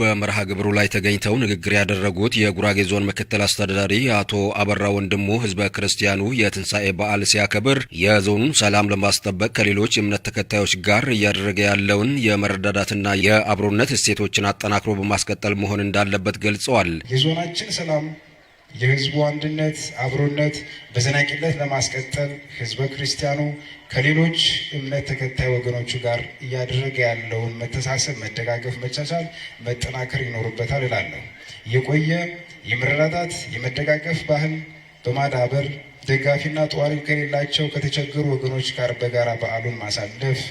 በመርሃ ግብሩ ላይ ተገኝተው ንግግር ያደረጉት የጉራጌ ዞን ምክትል አስተዳዳሪ አቶ አበራ ወንድሙ ህዝበ ክርስቲያኑ የትንሣኤ በዓል ሲያከብር የዞኑን ሰላም ለማስጠበቅ ከሌሎች የእምነት ተከታዮች ጋር እያደረገ ያለውን የመረዳዳትና የአብሮነት እሴቶችን አጠናክሮ በማስቀጠል መሆን እንዳለበት ገልጸዋል። የዞናችን ሰላም የህዝቡ አንድነት፣ አብሮነት በዘናቂነት ለማስቀጠል ህዝበ ክርስቲያኑ ከሌሎች እምነት ተከታይ ወገኖቹ ጋር እያደረገ ያለውን መተሳሰብ፣ መደጋገፍ፣ መቻቻል መጠናከር ይኖርበታል እላለሁ። የቆየ የመረዳዳት የመደጋገፍ ባህል በማዳበር ደጋፊና ጧሪ ከሌላቸው ከተቸገሩ ወገኖች ጋር በጋራ በዓሉን ማሳለፍ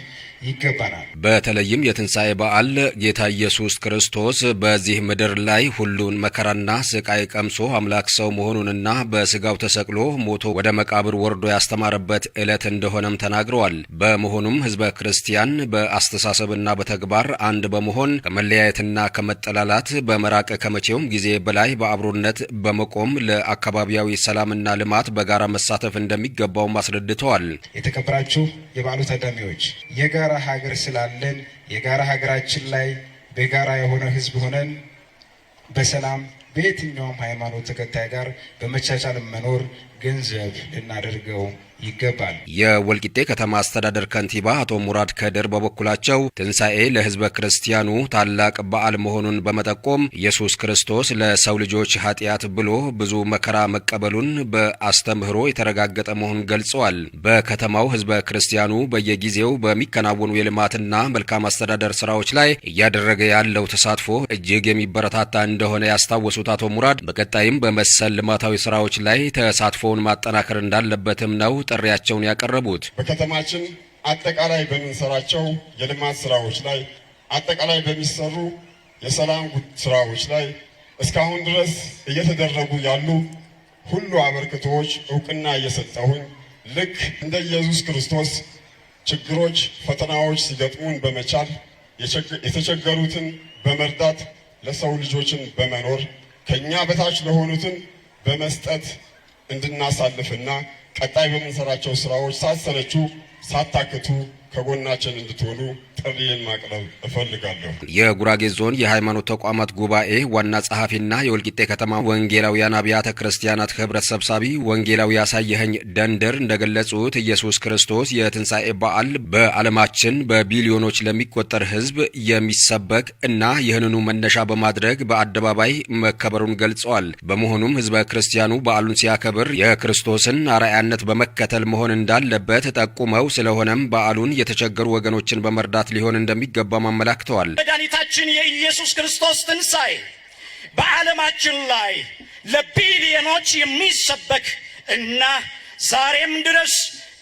ይገባናል። በተለይም የትንሣኤ በዓል ጌታ ኢየሱስ ክርስቶስ በዚህ ምድር ላይ ሁሉን መከራና ስቃይ ቀምሶ አምላክ ሰው መሆኑንና በስጋው ተሰቅሎ ሞቶ ወደ መቃብር ወርዶ ያስተማረበት ዕለት እንደሆነም ተናግረዋል። በመሆኑም ሕዝበ ክርስቲያን በአስተሳሰብና በተግባር አንድ በመሆን ከመለያየትና ከመጠላላት በመራቅ ከመቼውም ጊዜ በላይ በአብሮነት በመቆም ለአካባቢያዊ ሰላምና ልማት በጋራ በጋራ መሳተፍ እንደሚገባውም አስረድተዋል። የተከበራችሁ የበዓሉ ታዳሚዎች የጋራ ሀገር ስላለን የጋራ ሀገራችን ላይ በጋራ የሆነ ህዝብ ሆነን በሰላም በየትኛውም ሃይማኖት ተከታይ ጋር በመቻቻል መኖር ገንዘብ ልናደርገው ይገባል። የወልቂጤ ከተማ አስተዳደር ከንቲባ አቶ ሙራድ ከድር በበኩላቸው ትንሣኤ ለሕዝበ ክርስቲያኑ ታላቅ በዓል መሆኑን በመጠቆም ኢየሱስ ክርስቶስ ለሰው ልጆች ኃጢአት ብሎ ብዙ መከራ መቀበሉን በአስተምህሮ የተረጋገጠ መሆኑን ገልጸዋል። በከተማው ሕዝበ ክርስቲያኑ በየጊዜው በሚከናወኑ የልማትና መልካም አስተዳደር ስራዎች ላይ እያደረገ ያለው ተሳትፎ እጅግ የሚበረታታ እንደሆነ ያስታወሱት አቶ ሙራድ በቀጣይም በመሰል ልማታዊ ስራዎች ላይ ተሳትፎውን ማጠናከር እንዳለበትም ነው ጥሪያቸውን ያቀረቡት በከተማችን አጠቃላይ በምንሰራቸው የልማት ስራዎች ላይ አጠቃላይ በሚሰሩ የሰላም ስራዎች ላይ እስካሁን ድረስ እየተደረጉ ያሉ ሁሉ አበርክቶዎች እውቅና እየሰጠሁኝ ልክ እንደ ኢየሱስ ክርስቶስ ችግሮች፣ ፈተናዎች ሲገጥሙን በመቻል የተቸገሩትን በመርዳት ለሰው ልጆችን በመኖር ከኛ በታች ለሆኑትን በመስጠት እንድናሳልፍና ቀጣይ በምንሰራቸው ስራዎች ሳትሰለቹ ሳታክቱ ከጎናችን እንድትሆኑ ማቅረብ እፈልጋለሁ። የጉራጌ ዞን የሃይማኖት ተቋማት ጉባኤ ዋና ጸሐፊና የወልቂጤ ከተማ ወንጌላውያን አብያተ ክርስቲያናት ህብረት ሰብሳቢ ወንጌላዊ ያሳየኸኝ ደንደር እንደገለጹት ኢየሱስ ክርስቶስ የትንሣኤ በዓል በዓለማችን በቢሊዮኖች ለሚቆጠር ህዝብ የሚሰበክ እና ይህንኑ መነሻ በማድረግ በአደባባይ መከበሩን ገልጸዋል። በመሆኑም ህዝበ ክርስቲያኑ በዓሉን ሲያከብር የክርስቶስን አርአያነት በመከተል መሆን እንዳለበት ጠቁመው ስለሆነም በዓሉን የተቸገሩ ወገኖችን በመርዳት ሊሆን እንደሚገባም አመላክተዋል። መድኃኒታችን የኢየሱስ ክርስቶስ ትንሣኤ በዓለማችን ላይ ለቢሊዮኖች የሚሰበክ እና ዛሬም ድረስ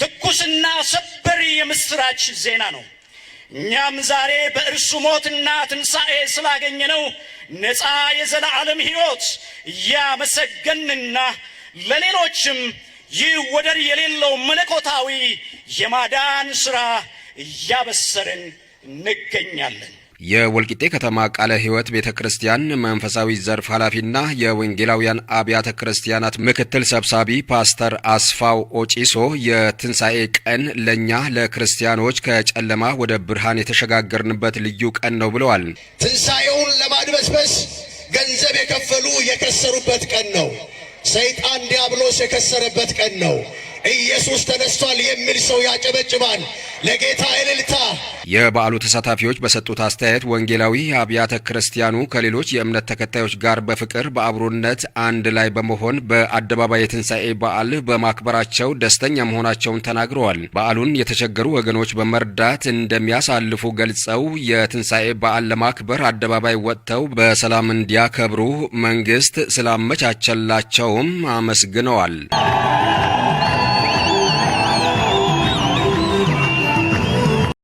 ትኩስና ሰበር የምስራች ዜና ነው። እኛም ዛሬ በእርሱ ሞትና ትንሣኤ ስላገኘነው ነፃ የዘላዓለም ሕይወት እያመሰገንና ለሌሎችም ይህ ወደር የሌለው መለኮታዊ የማዳን ሥራ እያበሰርን እንገኛለን። የወልቂጤ ከተማ ቃለ ሕይወት ቤተ ክርስቲያን መንፈሳዊ ዘርፍ ኃላፊና የወንጌላውያን አብያተ ክርስቲያናት ምክትል ሰብሳቢ ፓስተር አስፋው ኦጪሶ የትንሣኤ ቀን ለእኛ ለክርስቲያኖች ከጨለማ ወደ ብርሃን የተሸጋገርንበት ልዩ ቀን ነው ብለዋል። ትንሣኤውን ለማድበስበስ ገንዘብ የከፈሉ የከሰሩበት ቀን ነው። ሰይጣን ዲያብሎስ የከሰረበት ቀን ነው። ኢየሱስ ተነስቷል የሚል ሰው ያጨበጭባል። ለጌታ እልልታ። የበዓሉ ተሳታፊዎች በሰጡት አስተያየት ወንጌላዊ አብያተ ክርስቲያኑ ከሌሎች የእምነት ተከታዮች ጋር በፍቅር በአብሮነት አንድ ላይ በመሆን በአደባባይ የትንሣኤ በዓል በማክበራቸው ደስተኛ መሆናቸውን ተናግረዋል። በዓሉን የተቸገሩ ወገኖች በመርዳት እንደሚያሳልፉ ገልጸው የትንሣኤ በዓል ለማክበር አደባባይ ወጥተው በሰላም እንዲያከብሩ መንግሥት ስላመቻቸላቸውም አመስግነዋል።